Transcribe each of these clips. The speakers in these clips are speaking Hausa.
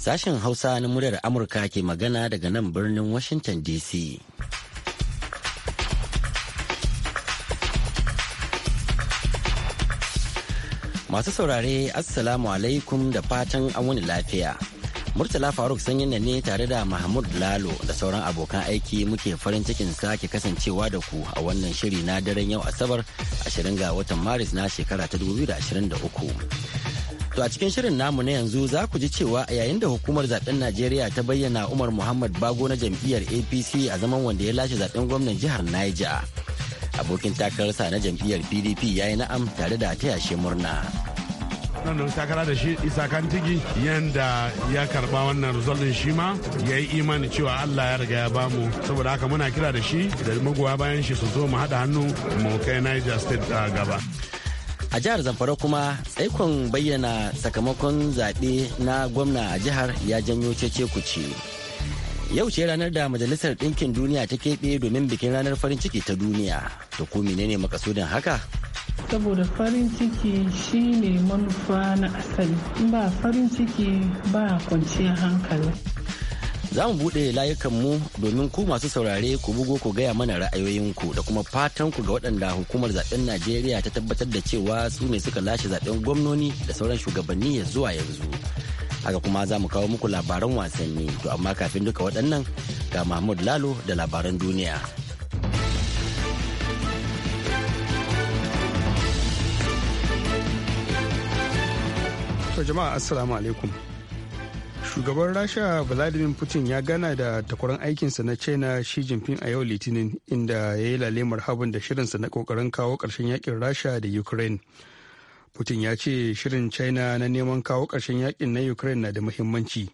Sashen Hausa na muryar Amurka ke magana daga nan birnin Washington DC. Masu saurare Assalamu alaikum da fatan an wani lafiya. Murtala Faruk sanyin ne tare da Mahmud Lalo da sauran abokan aiki muke farin cikin sake kasancewa da ku a wannan shiri na daren yau Asabar 20 ga watan Maris na shekara ta 2023. To a cikin shirin namu na yanzu za ku ji cewa yayin da hukumar zaben Najeriya ta bayyana Umar Muhammad Bago na jam'iyyar APC a zaman wanda ya lashe zaben gwamnan jihar Niger. Abokin takararsa na jam'iyyar PDP ya yi na'am tare da ta yashe murna. nan da takara da shi isa kantigi yanda ya karba wannan rizalin shi ma ya yi imani cewa allah ya riga ya bamu saboda haka muna kira da shi da magoya bayan shi su zo mu haɗa hannu mu kai niger state ah, gaba a jihar zamfara kuma tsaikon bayyana sakamakon zaɓe na gwamna a jihar ya janyo cece kuce yau ce ranar da majalisar ɗinkin duniya ta keɓe domin bikin ranar farin ciki ta duniya to ko menene makasudin haka saboda farin ciki shine manufa na asali ba farin ciki ba kwanciyar hankali za mu buɗe layukanmu domin ku masu saurare ku bugo ku gaya mana ra'ayoyinku da kuma fatan ku ga waɗanda hukumar zaben najeriya ta tabbatar da cewa su ne suka lashe zaben gwamnoni da sauran shugabanni ya zuwa yanzu haka kuma za mu kawo muku labaran wasanni to amma kafin duka waɗannan ga mahmud lalo da labaran duniya jama'a assalamu alaikum shugaban rasha vladimir putin ya gana da takwaran aikinsa na china shi jinping a yau litinin inda ya yi lalemar habin da shirinsa na kokarin kawo karshen yakin rasha da ukraine putin ya ce shirin china na neman kawo karshen yakin na ukraine na da muhimmanci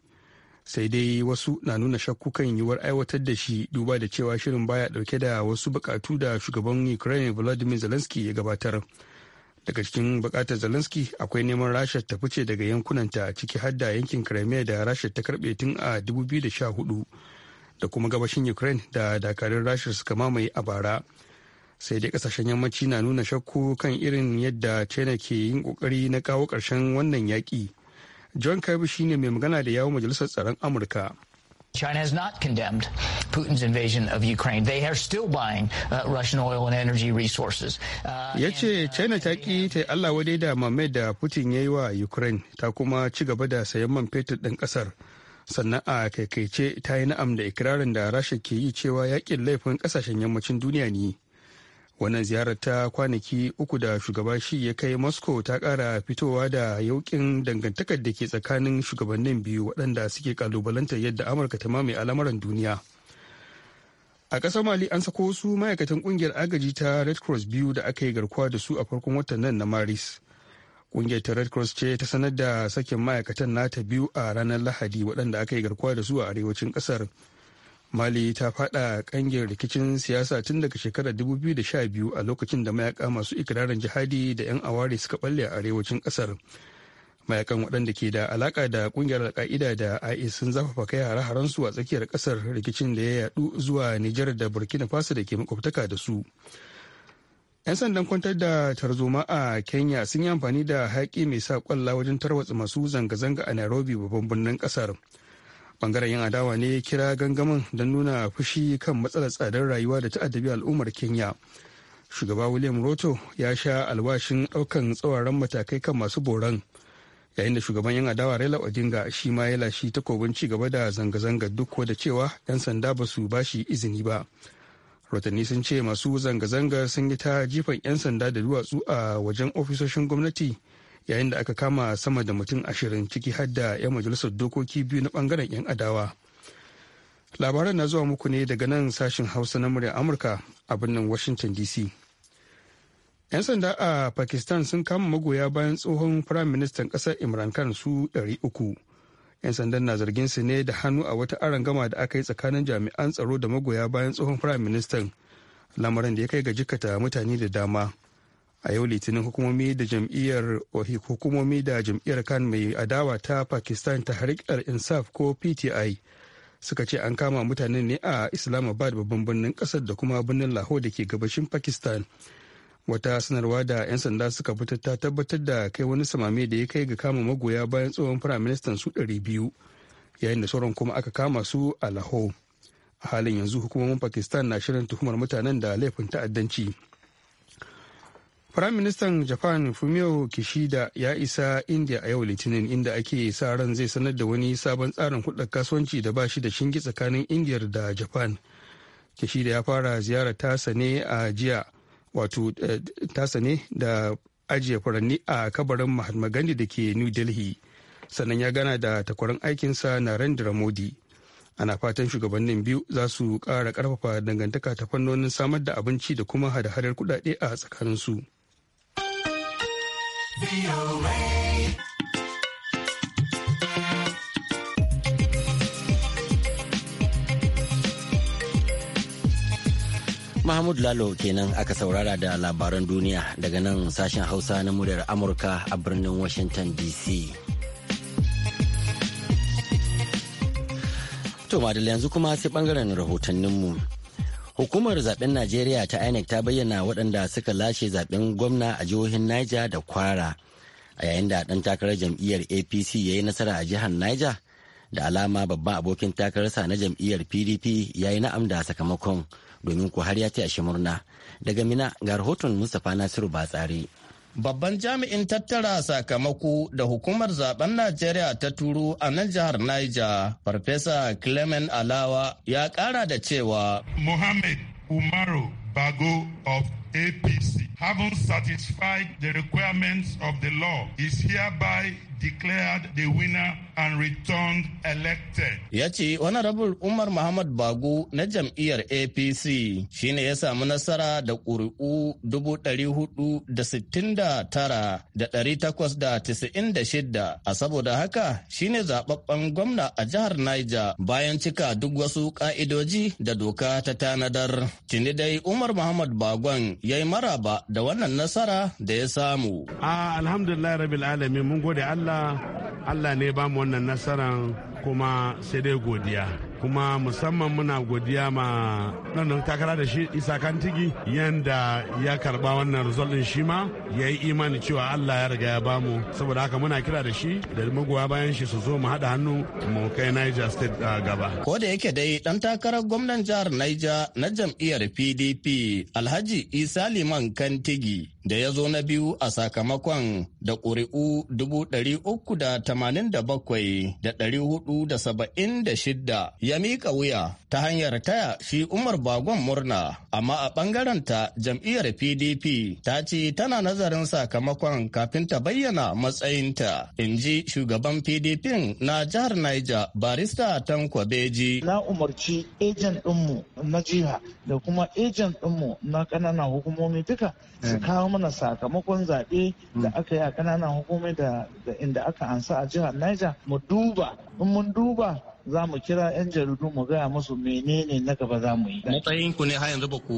sai dai wasu na nuna shakku kan yiwuwar aiwatar da shi duba da cewa shirin baya dauke da wasu bukatu da shugaban ukraine vladimir zelensky ya gabatar daga cikin bukatar zelensky akwai neman rasha ta fice daga yankunanta ciki har da yankin crimea da rasha ta karbe tun a 2014 da kuma gabashin ukraine da dakarun rasha suka mamaye a bara sai dai kasashen yammaci na nuna shakku kan irin yadda china ke yin kokari na kawo karshen wannan yaki john kirby shine mai magana da yawon majalisar tsaron amurka China has not condemned Putin's invasion of Ukraine. They are still buying uh, Russian oil and energy resources. Uh, ya ce uh, China ta ki ta Allah wadai da mamayar da Putin ya yi wa Ukraine ta kuma ci gaba da sayan man fetur ɗin ƙasar. Sannan a kaikaice ta yi na'am da ikirarin da Rasha ke yi cewa yakin laifin ƙasashen yammacin duniya ne. wannan ziyarar ta kwanaki uku da shugaba shi ya kai moscow ta kara fitowa da yaukin dangantakar da ke tsakanin shugabannin biyu waɗanda suke kalubalantar yadda amurka ta mamaye al'amuran duniya a ƙasar mali an sako wasu ma'aikatan ƙungiyar agaji ta red cross biyu da aka yi garkuwa da su a farkon watan nan na maris ƙungiyar ta red cross ce ta sanar da sakin ma'aikatan nata biyu a ranar lahadi waɗanda aka yi garkuwa da su a arewacin ƙasar mali ta fada kangin rikicin siyasa tun daga shekarar 2012 a lokacin da mayaka masu ikirarin jihadi da 'yan aware suka balle a arewacin kasar mayakan waɗanda ke da alaka da kungiyar alka'ida da is sun zafafa kai hare su a tsakiyar kasar rikicin da ya yadu zuwa nijar da burkina faso da ke makwabtaka da su 'yan sandan kwantar da tarzoma a kenya sun yi amfani da haƙi mai sa kwalla wajen tarwatsa masu zanga-zanga a nairobi babban birnin kasar. ƙasar bangaren yan adawa ne ya kira gangamin don nuna fushi kan matsalar tsadar rayuwa da ta'addabi al'ummar kenya shugaba william roto ya sha alwashin daukan tsawaran matakai kan masu boran yayin da shugaban yan adawa raila odinga shi ma ya lashi takobin ci gaba da zanga-zanga duk da cewa yan sanda ba su ba shi izini ba rotanni sun ce masu zanga-zanga sun yi ta jifan yan sanda da duwatsu a wajen ofisoshin gwamnati yayin da aka kama sama da mutum ashirin ciki har da 'yan majalisar dokoki biyu na bangaren 'yan adawa labaran na zuwa muku ne daga nan sashen hausa na murya amurka a birnin washington dc 'yan sanda a pakistan sun kama magoya bayan tsohon firayim ministan kasar imran khan su 300 'yan sandan na zargin su ne da hannu a wata arangama da aka yi tsakanin jami'an tsaro da magoya bayan tsohon firayim ministan lamarin da ya kai ga jikata mutane da dama a yau litinin hukumomi da jam'iyyar hukumomi da jam'iyyar kan mai adawa ta pakistan ta harikar insaf ko pti suka ce an kama mutanen ne a islamabad babban birnin kasar da kuma birnin lahore da ke gabashin pakistan wata sanarwa da 'yan sanda suka fitar ta tabbatar da kai wani samame da ya kai ga kama magoya bayan tsohon firaministan su ɗari biyu yayin da sauran kuma aka kama su a lahore a halin yanzu hukumomin pakistan na shirin tuhumar mutanen da laifin ta'addanci Firaministan Japan Fumio Kishida ya isa India a yau Litinin inda ake sa ran zai sanar da wani sabon tsarin hudar kasuwanci da ba shi da shingi tsakanin India da Japan. Kishida ya fara ziyara tasa ne a jiya wato eh, tasa ne da ajiye furanni a kabarin Mahatma Gandhi da ke New Delhi. Sannan ya gana da takwarar aikinsa Narendra Modi. Ana fatan shugabannin biyu za su ƙara ƙarfafa dangantaka ta fannonin samar da abinci da kuma hada-hadar kuɗaɗe a tsakaninsu. su. Mahmud Lalo kenan aka saurara da labaran duniya daga nan sashen Hausa na muryar Amurka a birnin Washington DC. To madalla yanzu kuma sai bangaren rahotanninmu. Hukumar zaben Najeriya ta INEC ta bayyana waɗanda suka lashe zaben gwamna a jihohin Niger da Kwara. A yayin da ɗan takarar jam'iyyar APC ya yi nasara a jihar Niger, da alama babban abokin takararsa na jam'iyyar PDP ya yi na'am da sakamakon domin ku har ya ce a murna. Daga Mina ga rahoton Mustapha Nasiru Batsari. Babban jami'in tattara sakamako da hukumar zaben Najeriya ta turo a nan jihar Niger, Farfesa Clement Alawa ya ƙara da cewa. Mohammed Umaru Bago of APC, having satisfied the requirements of the law, is hereby declared the winner and returned elected. Ya ce Honorable Umar Muhammad Bago na jam'iyyar APC shine ya samu nasara da ƙuri'u 469,896 a saboda haka shine zaɓaɓɓen gwamna a jihar Niger bayan cika duk wasu ƙa'idoji da doka ta tanadar. Tini dai Umar Muhammad Bagon ya yi maraba da wannan nasara da ya samu. Ah, alhamdulillah rabbil alamin mun gode Allah, Allah ne ba mu wannan nasaran kuma sai dai godiya kuma musamman muna godiya ma ɗanɗan takara da shi isa kantigi yanda ya karba wannan result din shi ma ya yi imani cewa allah ya riga ya bamu saboda haka muna kira da shi da magoya bayan shi su zo mu haɗa hannu mu kai niger state ah, gaba ko da yake dai ɗan takarar gwamnan jihar niger na jam'iyyar pdp alhaji isa liman kantigi da ya zo na biyu a sakamakon da ƙuri'u dubu ɗari uku da tamanin da bakwai da ɗari hudu da saba'in da shidda ya miƙa wuya ta hanyar taya shi Umar Bagon murna, amma a ta jam'iyyar PDP ta ce tana nazarin sakamakon kafin ta bayyana matsayinta, in ji shugaban PDP na jihar Niger barista Tanko Beji. Na umarci ejen ɗinmu na jiha da kuma ejen ɗinmu na ƙananan hukumomi duka su hmm. kawo mana sakamakon zaɓe hmm. da aka yi a ƙananan hukumomi da inda aka ansa a jihar Niger mu duba in mun duba za mu kira 'yan jaridu mu gaya musu menene na gaba za mu yi. Matsayin ku ne har yanzu ba ku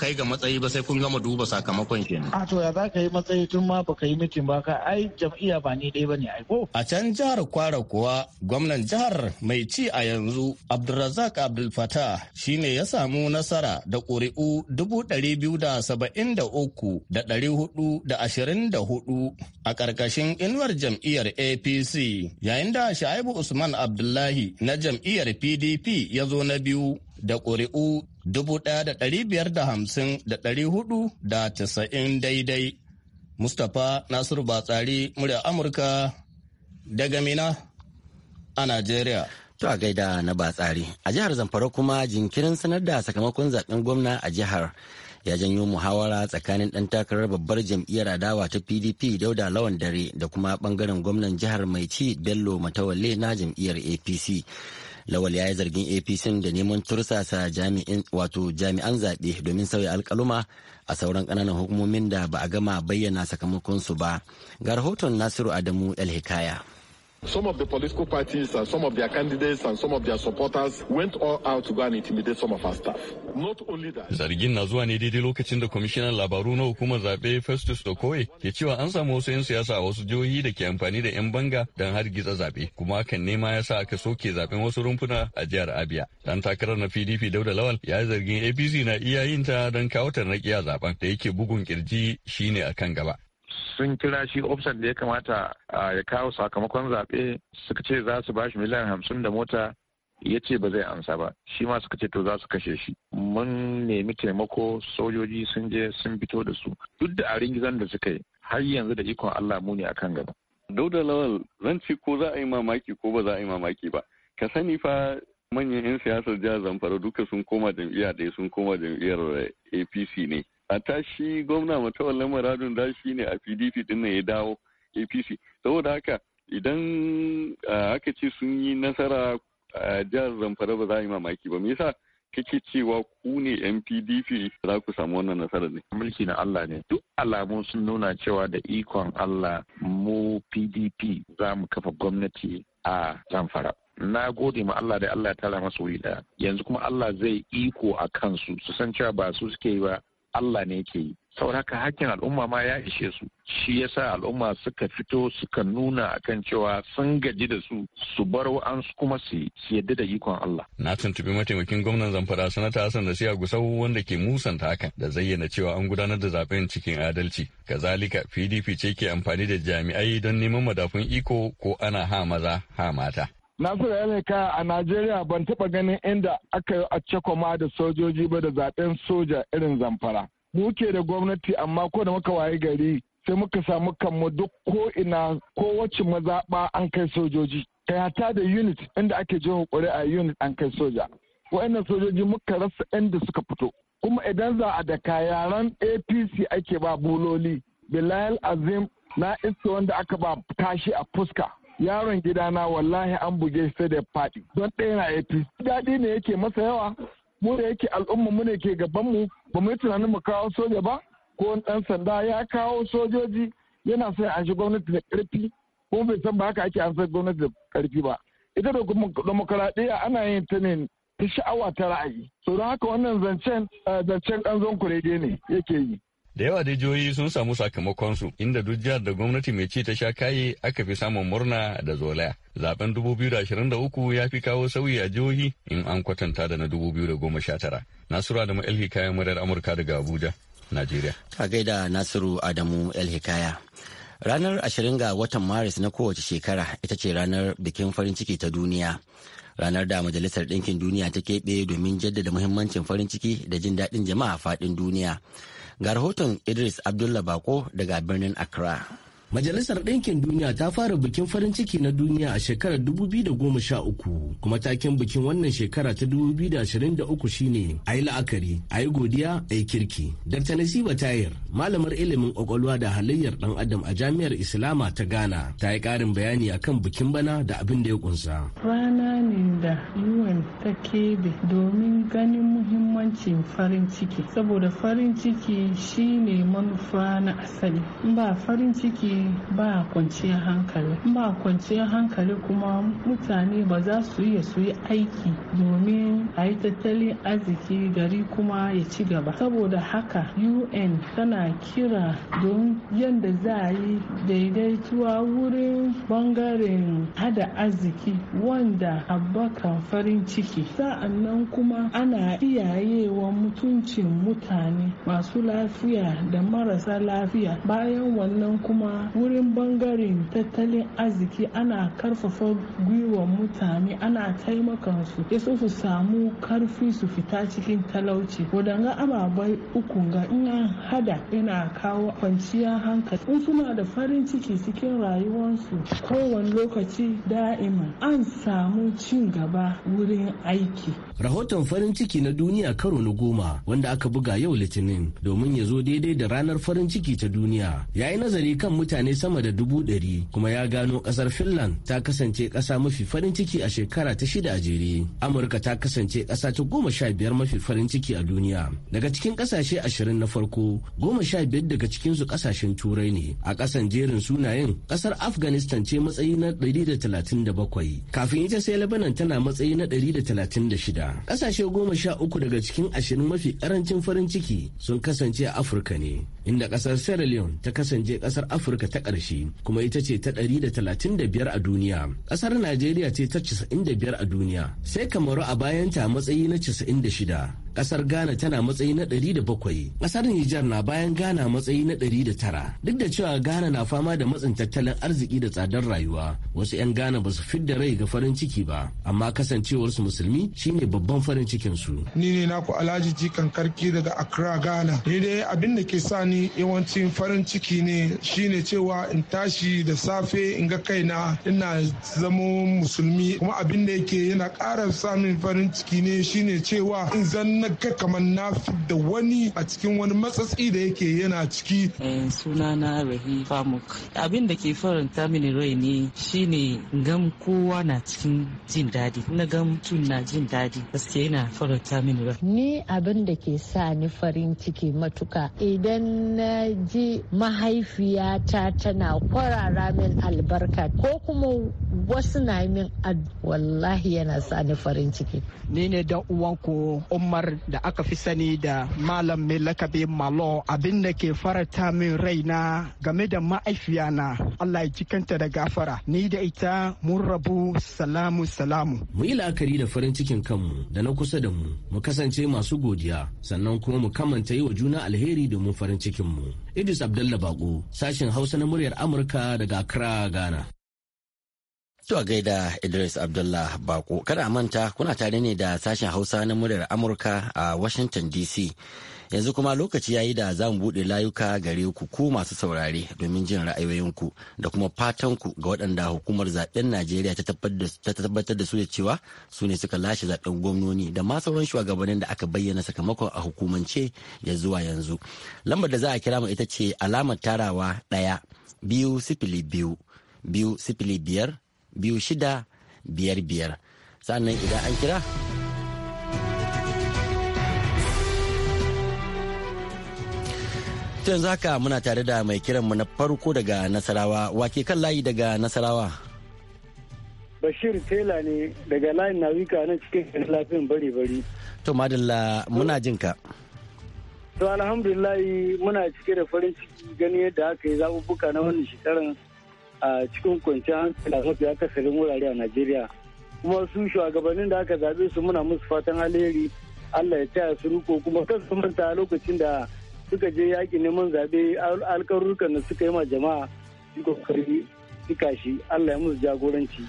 kai ga matsayi ba sai kun gama duba sakamakon kenan. A to ya za ka yi matsayi tun ma ka yi mitin ba ka ai jam'iyya ba ni dai ne ai ko. A can jihar Kwara kuwa gwamnan jihar mai ci a yanzu Abdulrazak shi ne ya samu nasara da ƙuri'u dubu ɗari biyu da saba'in da uku da ɗari hudu da ashirin da hudu a ƙarƙashin inuwar jam'iyyar APC yayin da Sha'ibu Usman Abdullahi na na jam'iyyar PDP ya zo na biyu da ƙuri'u 1,550,490 daidai. Mustapha Nasiru Batsari murya Amurka daga Mina a Najeriya. To a gaida na Batsari. A jihar Zamfara kuma jinkirin sanar da sakamakon zaben gwamna a jihar ya janyo muhawara tsakanin ɗan takarar babbar jam'iyyar adawa ta pdp dauda lawan dare da kuma ɓangaren gwamnan jihar mai ci bello matawalle na jam'iyyar apc lawal ya yi zargin apc da neman tursasa wato jami'an zaɓe domin sauya alkaluma a sauran ƙananan hukumomin da ba a gama bayyana sakamakonsu ba ga rahoton nasiru adamu el hikaya Some of the political parties and some of their candidates and some of their supporters went all out to go and intimidate some of our staff. Not only that. Zargin na zuwa ne daidai lokacin da kwamishinan labaru na hukumar zaɓe Festus Okoye ke cewa an samu wasu 'yan siyasa a wasu jihohi da ke amfani da 'yan banga don hargitsa zaɓe. Kuma hakan nema ya sa aka soke zaɓen wasu rumfuna a jihar Abia. Dan takarar na PDP Dauda Lawal ya zargin APC na iya ta don kawo tarnaƙi a zaɓen da yake bugun kirji shine a kan gaba. sun kira shi ofisar da ya kamata ya kawo sakamakon zaɓe suka ce za su bashi miliyan hamsin da mota ya ce ba zai amsa ba shi ma suka ce to za su kashe shi mun nemi taimako sojoji sun je sun fito da su duk da a ringizan da suka yi har yanzu da ikon Allah mu ne akan gaba Dauda Lawal zan ce ko za a yi mamaki ko ba za a yi mamaki ba ka sani fa manyan 'yan siyasar jihar Zamfara duka sun koma jam'iyya ɗaya sun koma jam'iyyar eh, APC ne a tashi gwamna matawallan maradun da shi ne a pdp din ya dawo apc saboda haka idan aka ce sun yi nasara a jihar zamfara ba za a yi mamaki ba me yasa kake cewa ku ne yan pdp za ku samu wannan nasara ne mulki na allah ne duk alamu sun nuna cewa da ikon allah mu pdp za mu kafa gwamnati a zamfara na gode ma Allah da Allah ya tara masa wuri daya yanzu kuma Allah zai iko a kansu su san cewa ba su suke yi ba Allah ne yake yi sauraka hakkin al'umma ma ya ishe su shi yasa al'umma suka fito suka nuna kan cewa sun gaji da su su bar wa'ansu kuma su yadda da ikon Allah. Na tuntubi mataimakin gwamnan zamfara sanata Hassan da siya gusau wanda ke musanta hakan da zayyana cewa an gudanar da zaben cikin adalci. Kazalika PDP ce ke amfani da jami'ai don neman madafun iko ko ana ha maza ha mata. Nasiru ka a Najeriya ban taɓa ganin inda aka yi a cakwama da sojoji ba da zaɓen soja irin zamfara. Muke da gwamnati amma ko da muka waye gari sai muka samu kanmu duk ko ina kowace mazaɓa an kai sojoji. Kai da unit inda ake hukuri a unit an kai soja. Wa'annan sojoji muka rasa inda suka fito. Kuma idan za a daka yaran APC ake ba buloli. Bilal Azim na isa wanda aka ba tashi a fuska. yaron gidana wallahi an buge shi sai da faɗi don ɗaya na apc daɗi ne yake masa yawa mu da yake al'umma mu ne ke gaban mu ba mu yi tunanin mu kawo soja ba ko ɗan sanda ya kawo sojoji yana sai an shi gwamnati da ƙarfi ko bai san ba haka ake an sai gwamnati da ƙarfi ba ita da demokaradiyya ana yin ta ne ta sha'awa ta ra'ayi so don haka wannan zancen eh, zancen ɗan kurege ne yake yi Da yawa da jihohi sun samu sakamakonsu inda duk jihar da gwamnati mai ci ta sha kaye aka fi samun murna da zolaya. Zaben 2023 ya fi kawo sauyi a jihohi in an kwatanta da na 2019. Nasura da ma'ilhi kayan murar Amurka daga Abuja, Najeriya. A gaida Nasiru Adamu El Hikaya. Ranar 20 ga watan Maris na kowace shekara ita ce ranar bikin farin ciki ta duniya. Ranar da Majalisar Ɗinkin Duniya ta keɓe domin jaddada muhimmancin farin ciki da jin daɗin jama'a faɗin duniya. Ga rahoton Idris Abdullah Bako daga birnin Accra. Majalisar Ɗinkin Duniya ta fara bikin farin ciki na duniya a shekarar 2013 kuma takin bikin wannan shekara ta 2023 shine a yi la'akari, a yi godiya, a yi kirki. Dr. Nasiba Tayir, malamar ilimin ƙwaƙwalwa da halayyar ɗan adam a jami'ar Islama ta Ghana, ta yi ƙarin bayani akan bikin bana da abin da ya kunsa. Rana bayanin da un ta keɓe domin ganin muhimmancin farin ciki saboda farin ciki shine manufa na asali ba farin ciki ba kwanciyar hankali ba kwanciyar hankali kuma mutane ba za su iya su yi aiki domin a yi tattalin arziki gari kuma ya ci gaba saboda haka un tana kira don yadda za a yi daidaituwa wurin bangaren hada arziki wanda haɓaka farin ciki sa'annan kuma ana iyayewa mutuncin mutane masu lafiya da marasa lafiya bayan wannan kuma wurin bangaren tattalin arziki ana karfafa gwiwar mutane ana taimakon su ya su samu karfi su fita cikin talauci wadanga ababai uku ga ina hada yana kawo kwanciyar hankali in suna da farin ciki cikin rayuwarsu kowane lokaci da'ima an samu cin gaba wurin aiki. Rahoton farin ciki na duniya karo na goma wanda aka buga yau litinin domin ya zo daidai da ranar farin ciki ta duniya ya yi nazari kan mutane sama da dubu ɗari kuma ya gano ƙasar Finland ta kasance ƙasa mafi farin ciki a shekara ta shida a jere. Amurka ta kasance ƙasa ta goma sha biyar mafi farin ciki a duniya. Daga cikin ƙasashe ashirin na farko goma sha biyar daga cikinsu ƙasashen turai ne. A ƙasan jerin sunayen ƙasar Afghanistan ce matsayi na ɗari da talatin da bakwai. Kafin ita sai lebanon tana matsayi na 136 ƙasashe goma sha uku daga cikin ashirin mafi ƙarancin farin ciki sun kasance a afirka ne inda ƙasar sierra leone ta kasance ƙasar afirka ta ƙarshe kuma ita ce ta 135 a duniya ƙasar najeriya ce ta 95 a duniya sai kamaru a bayanta matsayi na 96 kasar ghana tana matsayi na 107 kasar nijar na bayan ghana matsayi na 109 duk da cewa ghana na fama da matsin tattalin arziki da tsadar rayuwa wasu 'yan ghana ba su fidda rai ga farin ciki ba amma kasancewar su musulmi shine babban farin cikin su ni ne naku alhaji jikan karki daga accra ghana ni dai abin da ke sa ni yawancin farin ciki ne shine cewa in tashi da safe in ga kaina ina zama musulmi kuma abin da yake yana ƙara samun farin ciki ne shine cewa in zan na ga kamar na da wani a cikin wani matsatsi da yake yana ciki. Eh, suna na rahi famuk abin da ke faranta mini rai ne shine gam kowa na cikin jin dadi na gam tun na jin daɗi gaskiya yana faranta mini rai. ni abin da ke sa ni farin ciki matuka idan na ji mahaifiyata tana kwarara min albarka ko kuma wasu na min wallahi yana sa ni farin ciki. ni ne dan uwanku umar da aka fi sani da Malam mai lakabi Malo abin da ke farata min rai na game da ma'aifiyana Allah ya cikanta da gafara ni da ita mun rabu salamu salamu. Mu yi la'akari da farin cikin kanmu da na kusa da mu mu kasance masu godiya sannan kuma mu kamanta yi wa juna alheri domin farin cikinmu. Idris Abdallah Bako sashen Hausa na muryar Amurka daga Accra Ghana. To a gaida Idris Abdullah Bako, kada manta kuna tare ne da sashen Hausa na muryar Amurka a Washington DC. Yanzu kuma lokaci yayi da zamu mu buɗe layuka gare ku ku masu saurare domin jin ra'ayoyinku da kuma fatanku ga waɗanda hukumar zaben Najeriya ta tabbatar da su da cewa su ne suka lashe zaɓen gwamnoni da ma sauran shugabannin da aka bayyana sakamakon a hukumance ya zuwa yanzu. Lambar da za a kira mu ita ce alamar tarawa ɗaya biyu sifili biyu biyu sifili biyar biyu shida biyar biyar sannan idan an kira yanzu haka muna tare da mai kiranmu na farko daga nasarawa wake kan layi daga nasarawa bashir tela ne daga layin nawika nan cikin lafiyan bari-bari to madalla muna jin ka. to alhamdulillah muna cike da farin ciki gani yadda aka yi zabubuka na wannan shekaran a cikin kwanciyar hankali a mafi akasarin wurare a najeriya kuma su shugabannin da aka zaɓe su muna musu fatan alheri allah ya taya su riko kuma kan su manta lokacin da suka je yaƙi neman zaɓe alƙarurrukan da suka yi ma jama'a su kokari suka shi allah ya musu jagoranci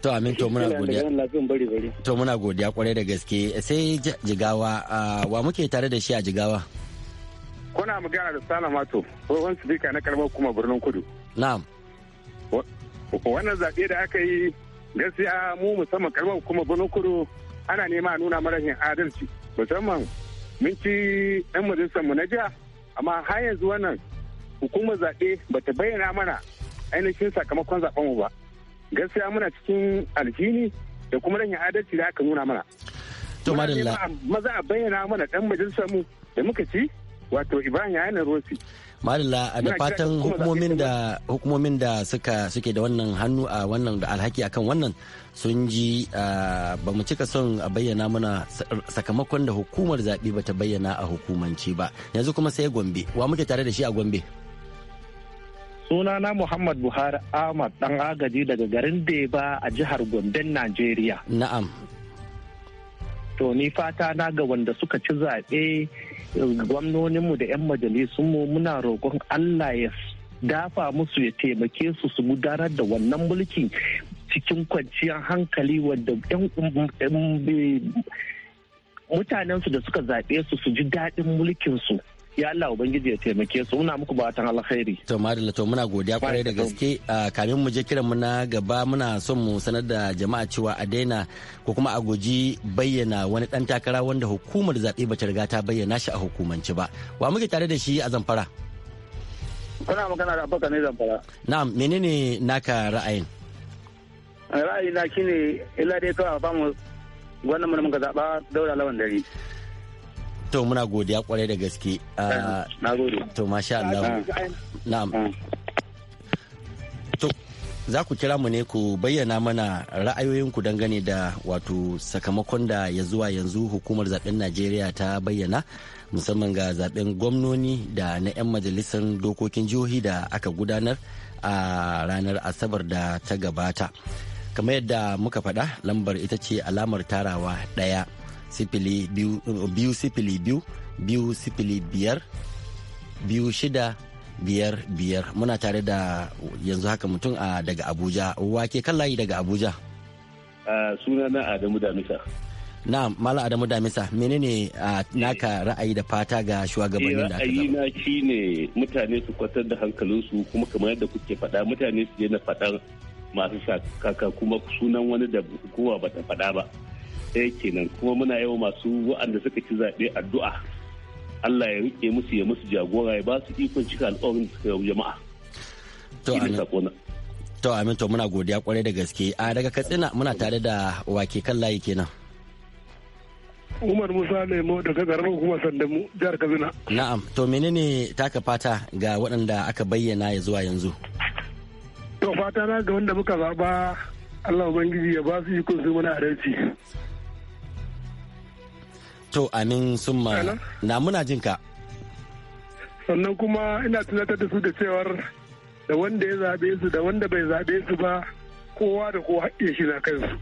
To amin to muna godiya. To muna godiya kwarai da gaske sai jigawa wa muke tare da shi a jigawa. Kuna magana da Salamato, tsohon sifika na kalmar kuma birnin kudu. Na'am. wannan zaɓe da aka yi gaskiya mu musamman karɓar kuma kudu ana nema a nuna marahin adalci musamman mun ci ɗan majalisar mu na jiya amma har yanzu wannan hukumar zaɓe bata bayyana mana ainihin sakamakon zaɓen mu ba gaskiya muna cikin aljini da kuma rahin adalci da aka nuna mana. To madalla. Maza a bayyana mana ɗan majalisar mu da muka ci wato ibrahim yana Rossi. malala da fatan hukumomin da hukumomin da suka suke da wannan hannu a wannan da alhaki akan wannan sun ji ba mu cika son a bayyana mana sakamakon da hukumar zaɓe ba ta bayyana a hukumance ba yanzu kuma sai gombe wa muke tare da shi a gombe sunana muhammad buhari ahmad dan agaji daga garin deba a jihar gombe najeriya na'am to ni fata na ga wanda suka ci zaɓe gwamnoninmu da 'yan majalisunmu muna roƙon allah ya dafa musu ya taimake su su gudanar da wannan mulkin cikin kwanciyar hankali wadda 'yan mutanensu da suka zaɓe su su ji daɗin mulkinsu ya Allah ubangiji ya taimake su muna muku batan alkhairi to madalla to muna godiya kwarai da gaske kamin mu je kiran mu na gaba muna son mu sanar da jama'a cewa a daina ko kuma a guji bayyana wani dan takara wanda hukumar zaɓe bata riga ta bayyana shi a hukumance ba wa muke tare da shi a zamfara kuna magana da abokan ne zamfara na'am menene naka ra'ayin ra'ayi na shine illa dai kawai ba mu wannan mun ga zaɓa daura lawan dare to muna godiya kwarai da gaske ah, na to masha Allah ah. na'am ah. to za ku kira mu ne ku bayyana mana ra'ayoyinku dangane da wato sakamakon da ya zuwa yanzu hukumar zaben najeriya ta bayyana musamman ga zaben gwamnoni da na 'yan majalisar dokokin jihohi da aka gudanar a ranar asabar da ta gabata kamar yadda muka faɗa lambar ita ce alamar tarawa ɗaya sifili biyu sifili biyu biyu sifili biyar biyu shida biyar biyar muna tare da yanzu haka mutum a daga abuja wake kan layi daga abuja suna na adamu damisa na mala adamu damisa menene naka ra'ayi da fata ga shugabannin da eh, ra'ayi na shi ne mutane su kwatar da hankalinsu kuma kamar yadda kuke faɗa mutane su daina faɗan masu shakaka kuma sunan wani da kowa ta faɗa ba ɗaya kenan kuma muna yau masu wa'anda suka ci zaɓe addu'a Allah ya rike musu ya musu jagora ya ba su ikon cika alƙawarin suka jama'a. To amin to muna godiya kwarai da gaske a daga Katsina muna tare da wake kan layi kenan. Umar Musa Lemo daga garin kuma sandamu jihar Katsina. Na'am to menene taka fata ga waɗanda aka bayyana ya zuwa yanzu? To fata na ga wanda muka zaba Allah Ubangiji ya ba su ikon su muna adalci. To amin summa na muna jin ka. Sannan kuma ina tunatar da su da cewar da wanda ya zaɓe su da wanda bai zaɓe su ba kowa da kowa haƙƙin shi na kansu.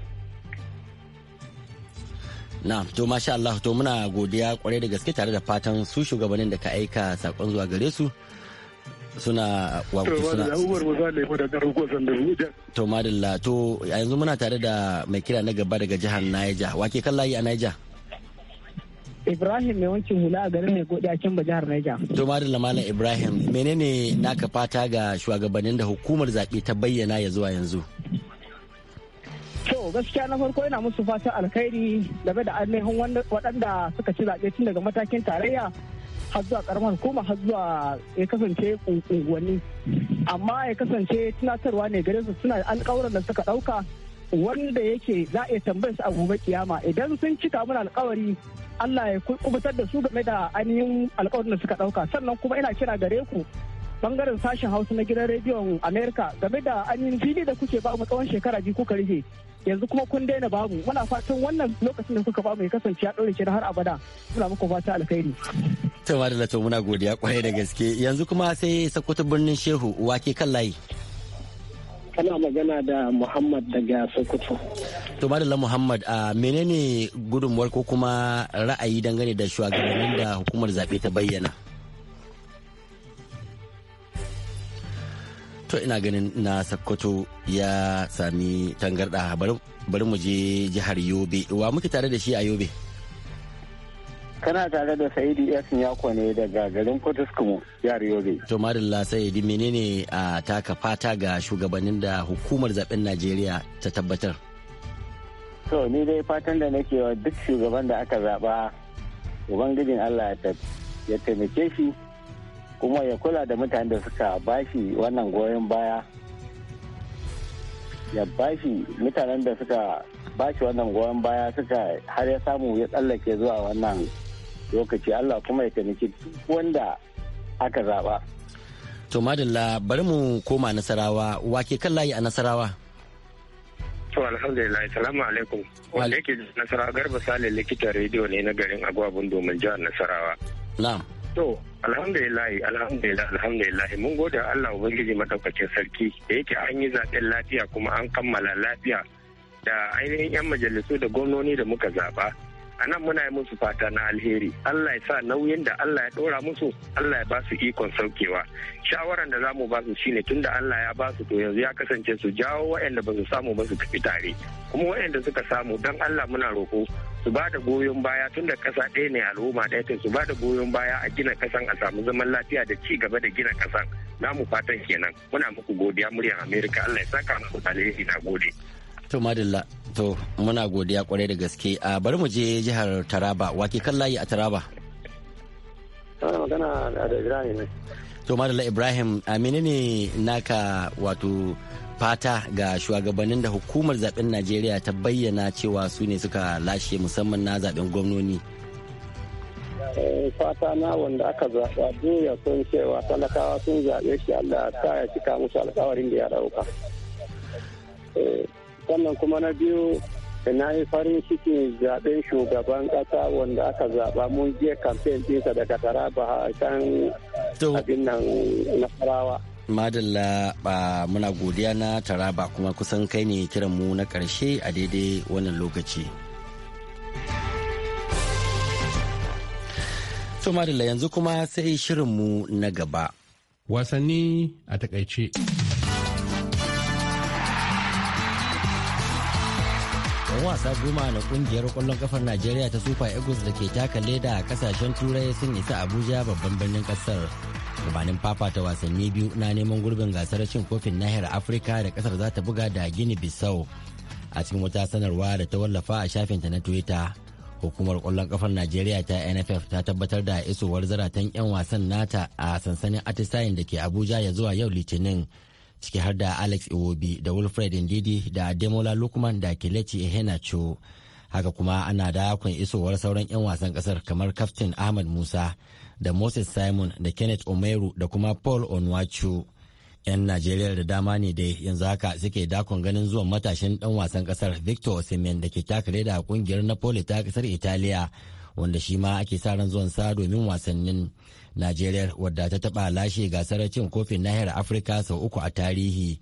Na to masha Allah to muna godiya kwarai da gaske tare da fatan su shugabannin da ka aika sakon zuwa gare su suna wakil suna to madalla to yanzu muna tare da mai kira na gaba daga jihar Niger wake kan layi a Niger Ibrahim mai wankin hula a garin mai godiya a Kimba jihar Niger. To madalla malam Ibrahim menene naka fata ga shugabannin da hukumar zaɓe ta bayyana ya zuwa yanzu? To gaskiya na farko yana musu fatan alkhairi game da ainihin waɗanda suka ci zaɓe tun daga matakin tarayya har zuwa ƙaramar hukuma har zuwa ya kasance unguwanni amma ya kasance tunatarwa ne gare su suna alƙawuran da suka ɗauka wanda yake za a tambayar su a gobe kiyama idan sun cika mun alkawari Allah ya kubutar da su game da ainihin alkawarin da suka dauka sannan kuma ina kira gare ku bangaren sashen hausa na gidan rediyon america game da ainihin fili da kuke ba mu tsawon shekara biyu kuka rufe yanzu kuma kun daina babu muna fatan wannan lokacin da kuka bamu ya kasance ya ɗaure har abada muna muku fata alkhairi tawa da muna godiya kwarai da gaske yanzu kuma sai sakkwato birnin shehu wake kan layi kana magana da muhammad daga sokoto to muhammad a menene gudunmuwar ko kuma ra'ayi dangane da shugabannin da hukumar zaɓe ta bayyana to ina ganin na sokoto ya sami tangarɗa bari mu je jihar yobe wa muke tare da shi a yobe kana tare da sa'idi yasin ya kone daga garin potiskumu jihar yobe to marilla sa'idi menene a taka fata ga shugabannin da hukumar zaben najeriya ta tabbatar to ni dai fatan da nake wa duk shugaban da aka zaba ubangijin allah ya taimake shi kuma ya kula da mutanen da suka bashi wannan goyon baya ya bashi mutanen da suka bashi wannan goyon baya suka har ya samu ya tsallake zuwa wannan lokaci Allah kuma ya taimaki duk wanda aka zaba. To madalla bari mu koma nasarawa wake kan layi a nasarawa. To alhamdulillah salamu alaikum. Wanda yake nasarawa garba sale likitan rediyo ne na garin agwabun domin jihar nasarawa. Na'am. To alhamdulillah alhamdulillah alhamdulillah mun gode Allah ubangiji madaukakin sarki da yake an yi zaben lafiya kuma an kammala lafiya da ainihin yan majalisu da gwamnoni da muka zaba. anan muna yi musu fata na alheri allah ya sa nauyin da allah ya ɗora musu allah ya ba su ikon saukewa shawaran da zamu mu ba su shine tunda allah ya ba su to yanzu ya kasance su jawo waɗanda ba su samu ba su tafi tare kuma waɗanda suka samu dan allah muna roƙo su ba da goyon baya tunda ƙasa ɗaya ne al'umma ɗaya ta su ba da goyon baya a gina ƙasan a samu zaman lafiya da ci gaba da gina ƙasan namu fatan kenan muna muku godiya muryar amerika allah ya saka muku alheri na gode To madalla to muna godiya kwarai da gaske a bari mu je jihar Taraba wake kan layi a Taraba. ne. To madalla Ibrahim a menene naka wato fata ga shugabannin da hukumar zaben Najeriya ta bayyana cewa su ne suka lashe musamman na zaben gwamnoni. Eh, fata na wanda aka zaɓa duniya sun cewa talakawa sun zaɓe shi Allah ta ya cika musu alkawarin da ya ɗauka. Eh, sannan kuma na biyu na yi farin ciki zaben shugaban kasa wanda aka zaɓa mun je kamfen ɗinsa daga taraba a can abin nan nasarawa madalla ba muna godiya na taraba kuma kusan kai ne kiran mu na ƙarshe a daidai wannan lokaci to madalla yanzu kuma sai shirin mu na gaba wasanni a takaice 'yan wasa goma na kungiyar kwallon ƙafar najeriya ta super eagles da ke taka leda a kasashen turai sun isa abuja babban birnin ƙasar gabanin papa ta wasanni biyu na neman gurbin gasar cin kofin nahiyar afirka da kasar za ta buga da gini bissau a cikin wata sanarwa da ta wallafa a shafinta na twitter hukumar ƙwallon ƙafar najeriya ta nff ta tabbatar da isowar zaratan 'yan wasan nata a sansanin atisayin da ke abuja ya zuwa yau litinin ciki har da alex iwobi da wilfred ndidi da ademola lukman da kelechi iheanacho haka kuma ana da kun isowar sauran 'yan wasan kasar kamar kaftin ahmad musa da moses simon da kenneth omeru da kuma paul onwachu 'yan najeriya da dama ne dai yanzu haka suke dakon ganin zuwan matashin dan wasan kasar victor osimhen da ke takare da kungiyar napoli ta kasar italiya wanda shi ma ake sa ran zuwan sa domin wasannin Najeriya wadda ta taɓa lashe gasar cin kofin nahiyar Afirka sau uku a tarihi.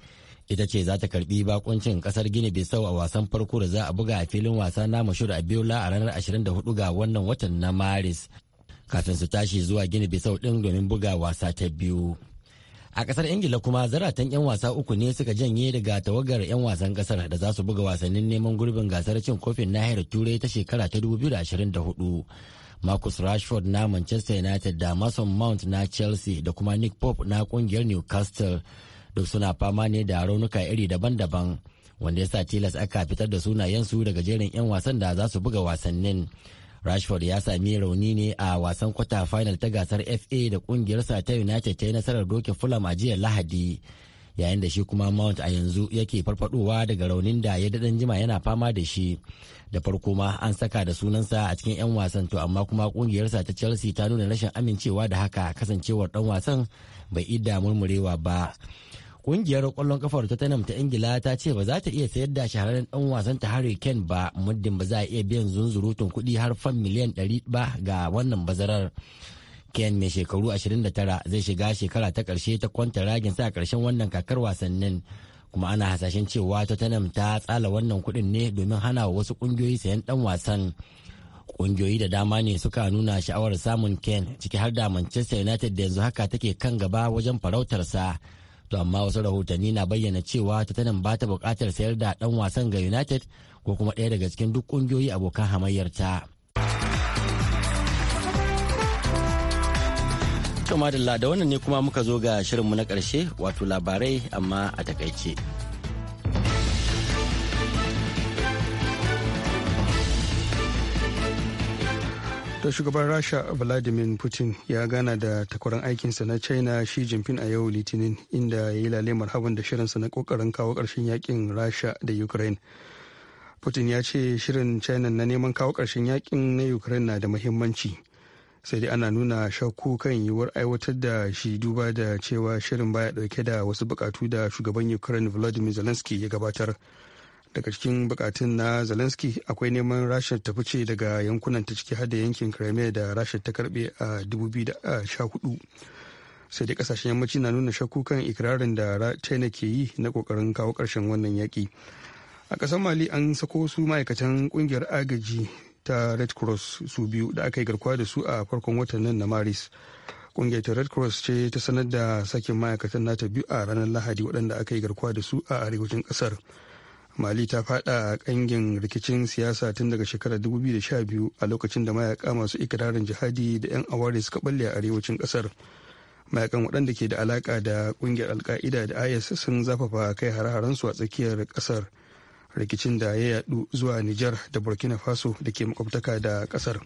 Ita ce za ta karbi bakuncin ƙasar Gini Bissau a wasan farko da za a buga a filin wasa na a Biola a ranar 24 ga wannan watan na Maris. Kafin su tashi zuwa Gini Bissau ɗin domin buga wasa ta biyu. A ƙasar Ingila kuma zaratan 'yan wasa uku ne suka janye daga tawagar 'yan wasan ƙasar da za su buga wasannin neman gurbin gasar cin kofin nahiyar Turai ta shekara ta 2024. marcus rashford na manchester united da mason mount na chelsea da kuma nick pope na kungiyar newcastle duk suna fama ne da raunuka iri daban-daban wanda ya sa tilas aka fitar da sunayensu daga jerin 'yan wasan da za su buga wasannin rashford ya sami rauni ne a wasan kwata final ta gasar fa da kungiyarsa ta united ta yi nasarar doke fulham a jiya lahadi yayin da shi kuma mount a yanzu yake farfadowa daga raunin da ya daɗan jima yana fama da shi da farko ma an saka da sunansa a cikin 'yan wasan to amma kuma kungiyarsa ta chelsea ta nuna rashin amincewa da haka kasancewar dan wasan bai ida murmurewa ba kungiyar kwallon kafar tottenham ta ingila ta ce ba za ta iya sayar da shahararren dan wasan ta harry kane ba muddin ba za a iya biyan zunzurutun kuɗi har fam miliyan 100 ba ga wannan bazarar Ken mai shekaru 29 zai shiga shekara ta ƙarshe ta kwanta ragin sa a ƙarshen wannan kakar wasannin kuma ana hasashen cewa Tottenham ta tsala wannan kuɗin ne domin hana wasu ƙungiyoyi sayan ɗan wasan. Ƙungiyoyi da dama ne suka nuna sha'awar samun Ken ciki har da Manchester United da yanzu haka take kan gaba wajen farautarsa. To amma wasu rahotanni na bayyana cewa Tottenham ba ta buƙatar sayar da ɗan wasan ga United ko kuma ɗaya daga cikin duk ƙungiyoyi abokan hamayyar ta To madalla da wannan ne kuma muka zo ga shirinmu na ƙarshe wato labarai amma a takaice. ta shugaban rasha vladimir putin ya gana da takwaran aikinsa na china xi jinping a yau litinin inda ya yi lalemar marhaban da shirinsa na kokarin kawo karshen yakin rasha da ukraine putin ya ce shirin china na neman kawo karshen yakin na ukraine na da muhimmanci sai dai ana nuna shakku kan yiwuwar aiwatar da shi duba da cewa shirin baya dauke da wasu bukatu da shugaban ukraine vladimir zelensky ya gabatar daga cikin bukatun na zelensky akwai neman rasha ta fice daga yankunan ta ciki har da yankin crimea da rasha ta karbe a 2014 sai dai kasashen yammaci na nuna shakku kan ikirarin da china ke yi na kokarin kawo karshen wannan yaki a ƙasar mali an sako su ma'aikatan kungiyar agaji ta red cross su biyu da aka yi garkuwa da su a farkon watan nan na maris kungiyar ta red cross ce ta sanar da sakin ma'aikatan nata biyu a ranar lahadi waɗanda aka yi garkuwa da su a arewacin ƙasar mali ta fada a kangin rikicin siyasa tun daga shekarar 2012 a lokacin da mayaka masu ikirarin jihadi da 'yan awari suka balle a arewacin kasar mayakan waɗanda ke da alaka da kungiyar alka'ida da is sun zafafa kai har-haren su a tsakiyar ƙasar. rikicin da ya yadu zuwa Nijar da Burkina Faso da ke makwabtaka da kasar.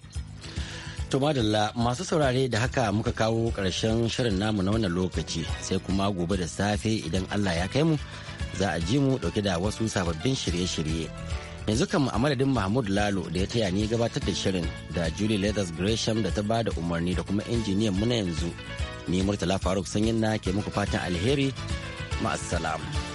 To madalla masu saurare da haka muka kawo ƙarshen shirin namu na wannan lokaci sai kuma gobe da safe idan Allah ya kai mu za a ji mu dauke da wasu sababbin shirye-shirye. Yanzu kan a Mahmud Lalo da ya taya ni gabatar da shirin da Julie Leathers Gresham da ta bada umarni da kuma injiniyan muna yanzu. Ni Murtala Faruk Sanyin na ke muku fatan alheri. Ma'assalam.